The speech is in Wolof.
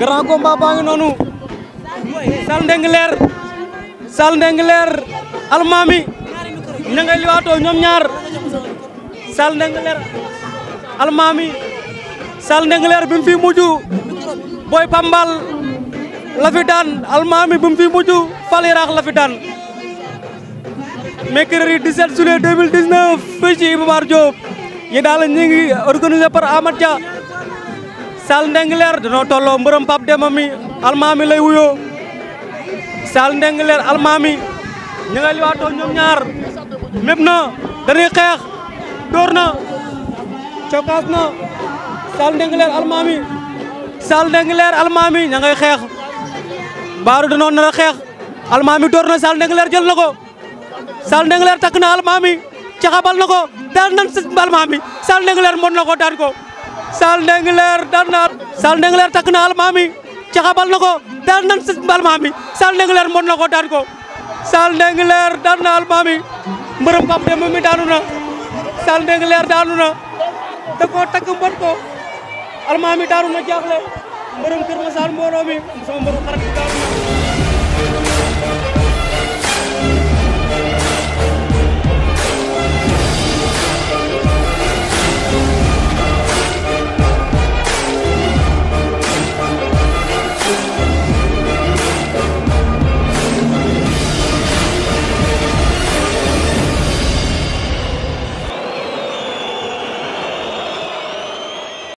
grand combat baa ngi noonu Salle Ndingler Salle Ndingler Almami ña ngay liwaatoo ñoom bi mu fi mujj Boy Pambal la fi daan almaami bu mu fi mujj fal Irak la fi daan mercredi 17 juillet 2019 fii daal ñu ngi organisé par Amath Dia Sall Ndengler danoo almaami lay wuyoo Sall Ndengler almaami ñu ngi liwaatoo ñoom ñaar mépp na dañuy xeex door na cokkaas almaami Sall Ndengler almaami ña ngay mbaaru danoon na la xeex almaami door na Saal Ndengler jël na ko Saal Ndengler takk na almaami caxabal na ko daan nan almaami Saal Ndengler mën na ko daan ko Saal Ndengler daan na Saal Ndengler takk na almaami caxabal na ko daan nan almaami Saal Ndengler mën na ko daan ko Saal Ndengler daan na almaami mbërëm Pape Demba mi daanu na Saal Ndengler daanu na da koo takk mbot ko almaami daanu na jaaxle mbërëm Kër Masar mbooloo mi sama mbërëm xarit bi